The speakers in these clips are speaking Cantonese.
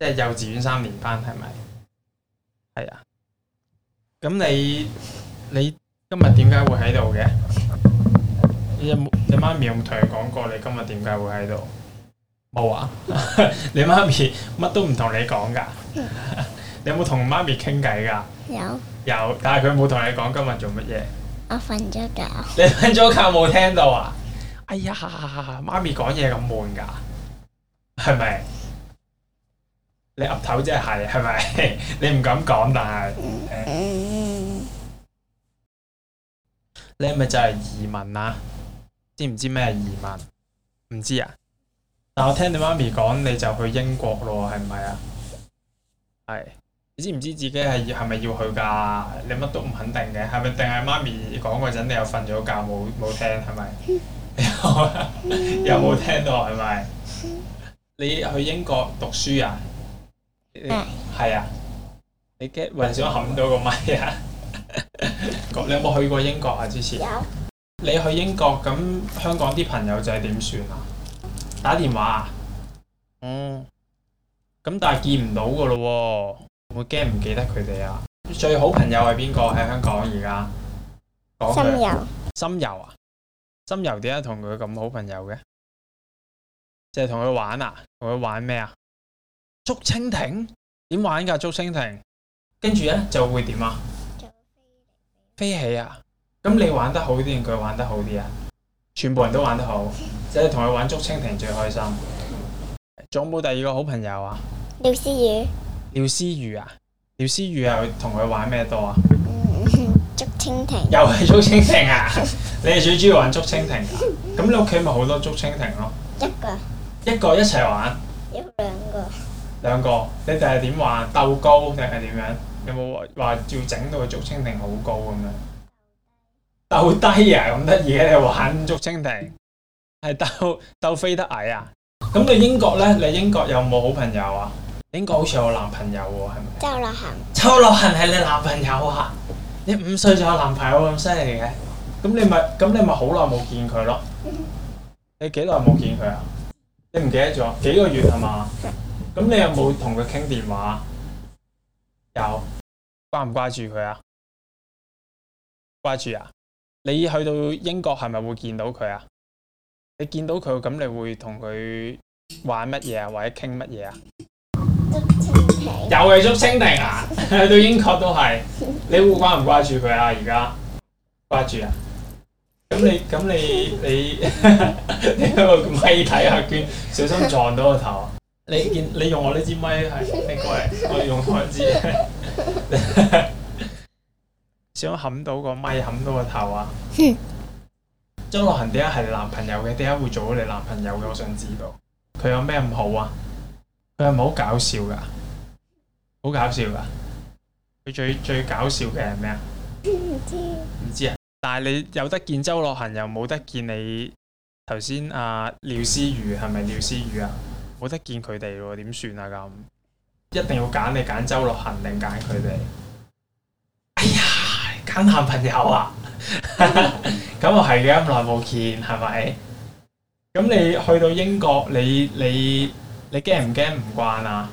即係幼稚園三年班係咪？係啊。咁你你今日點解會喺度嘅？你有冇你媽咪有冇同佢講過你今日點解會喺度？冇啊！你媽咪乜都唔同你講噶。你有冇同媽咪傾偈噶？有。有，但係佢冇同你講今日做乜嘢。我瞓咗覺。你瞓咗覺冇聽到啊？哎呀，媽咪講嘢咁悶噶，係咪？你噏頭即係係咪？你唔敢講，但係你係咪就係移民啊？知唔知咩移民？唔知啊！但我聽你媽咪講，你就去英國咯，係唔係啊？係。你知唔知自己係要係咪要去㗎？你乜都唔肯定嘅，係咪？定係媽咪講嗰陣你又瞓咗覺冇冇聽係咪？有有冇聽到係咪？嗯？你去英國讀書啊？係啊，你驚幻想冚到個咪咪啊？ 你有冇去過英國啊？之前有。你去英國咁，那香港啲朋友就係點算啊？打電話啊。哦、嗯。咁但係見唔到噶咯喎，會驚唔記得佢哋啊？最好朋友係邊個喺香港而家？心游。心游啊？心游點解同佢咁好朋友嘅？即係同佢玩啊？同佢玩咩啊？竹蜻蜓點玩噶？竹蜻蜓，跟住咧就會點啊？飛起啊！咁你玩得好啲定佢玩得好啲啊？全部人都玩得好，即係同佢玩竹蜻蜓最開心。仲有 冇第二個好朋友啊？廖思宇？廖思宇啊，廖思宇啊，同佢玩咩多啊？竹、嗯、蜻蜓，又係竹蜻蜓啊！ 你係最中意玩竹蜻蜓噶、啊，咁 你屋企咪好多竹蜻蜓咯？一個，一個一齊玩。兩個，你哋係點話鬥高定係點樣？有冇話照整到個竹蜻蜓好高咁樣？鬥低啊！咁得意嘅，你玩竹蜻蜓，係鬥鬥飛得矮啊！咁你英國咧，你英國有冇好朋友啊？英國好似有男朋友喎，係咪？周樂行，周樂行係你男朋友啊？你五歲就有男朋友咁犀利嘅？咁你咪咁你咪好耐冇見佢咯？你幾耐冇見佢啊？你唔記得咗幾個月係嘛？咁你有冇同佢傾電話？有。掛唔掛住佢啊？掛住啊！你去到英國係咪會見到佢啊？你見到佢咁你會同佢玩乜嘢啊？或者傾乜嘢啊？又係捉蜻蜓。去、 啊、 到英國都係。你會掛唔掛住佢啊？而家？掛住啊！咁你咁你你 你喺度咪睇下娟，小心撞到個頭。你見你用我呢支咪係應該嚟？我用台支， 想冚到個咪，冚到個頭啊！ 周樂恒點解係你男朋友嘅？點解會做到你男朋友嘅？我想知道佢有咩唔好啊？佢係唔係好搞笑㗎？好搞笑㗎！佢最最搞笑嘅係咩啊？唔知唔知啊！但係你有得見周樂恒，又冇得見你頭先啊廖思雨係咪廖思雨啊？冇得見佢哋喎，點算啊？咁一定要揀你揀周樂恆定揀佢哋。哎呀，揀男朋友啊！咁又係嘅，咁耐冇見，係咪？咁、嗯、你去到英國，你你你驚唔驚唔慣啊？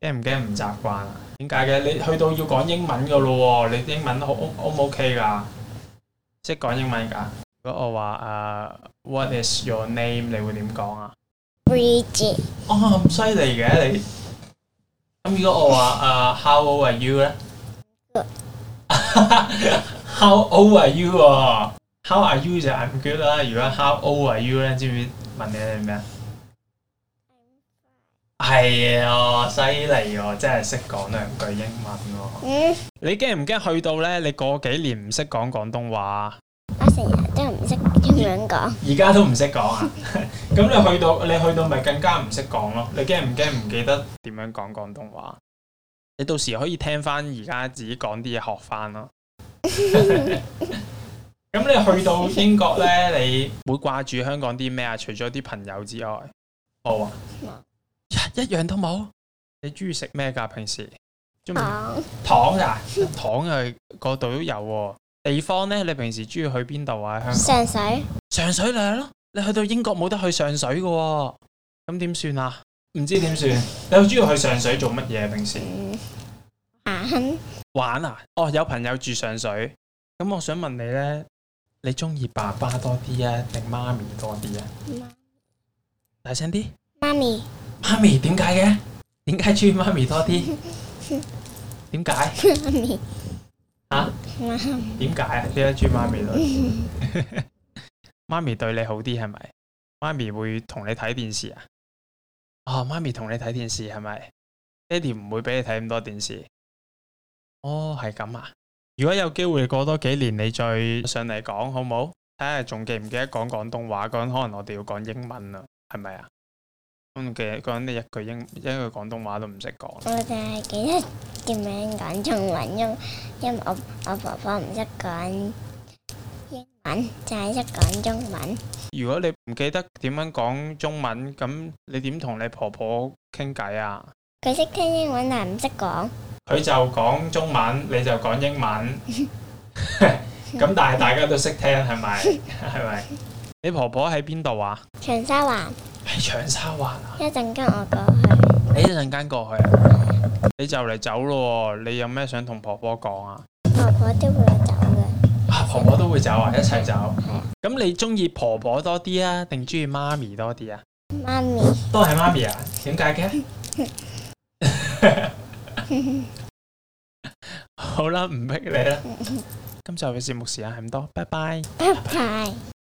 驚唔驚唔習慣啊？點解嘅？你去到要講英文噶咯喎？你英文都好 O 唔 O K 噶？識、嗯、講英文噶？如果我話誒、uh，What is your name？你會點講啊？啊咁犀利嘅你，咁如果我話誒，How old are you 咧？How old are you 喎？How are you 啫？I'm good 啦。如果 How old are you 咧？知唔知問你係咩啊？係啊，犀利喎，真係識講兩句英文喎。你驚唔驚去到咧？你過幾年唔識講廣東話？而家唔識點樣講，而家都唔識講啊！咁 你去到，你去到咪更加唔識講咯？你驚唔驚唔記得點樣講廣東話？你到時可以聽翻而家自己講啲嘢學翻咯。咁 你去到英國咧，你會掛住香港啲咩啊？除咗啲朋友之外，好啊，一一樣都冇。你中意食咩噶平時？糖糖啊？糖啊，嗰度都有。地方呢，你平時中意去邊度啊？香上水，上水嚟咯，啊。你去到英國冇得去上水嘅，咁點算啊？唔、啊、知點算？ 你中意去上水做乜嘢，啊、平時？玩，嗯、玩啊！哦，有朋友住上水。咁我想問你呢，你中意爸爸多啲啊，定媽咪多啲啊？媽大聲啲！媽咪，媽咪，點解嘅？點解中意媽咪多啲？點 解？點解啊？呢一豬媽咪媽 咪對你好啲係咪？媽咪會同你睇電視啊？啊、哦、媽咪同你睇電視係咪？爹哋唔會俾你睇咁多電視。哦，係咁啊！如果有機會過多幾年，你再上嚟講好唔好？睇下仲記唔記得講廣東話？嗰陣可能我哋要講英文啦，係咪啊？嗯，記嗰陣你一句英一句廣東話都唔識講。我淨係記得。點樣講中文，因因為我我婆婆唔識講英文，就係識講中文。如果你唔記得點樣講中文，咁你點同你婆婆傾偈啊？佢識聽英文，但係唔識講。佢就講中文，你就講英文。咁但係大家都識聽，係咪？係咪？你婆婆喺邊度啊？長沙灣。喺長沙灣啊？一陣間我過去。你一陣間過去啊？你就嚟走咯，你有咩想同婆婆講啊？婆婆都會走嘅，啊。婆婆都會走啊，一齊走。咁、嗯、你中意婆婆多啲啊，定中意媽咪多啲啊？媽咪。都係媽咪啊？點解嘅？ 好啦，唔逼你啦，嗯。今集嘅節目時間係咁多，拜拜。拜拜。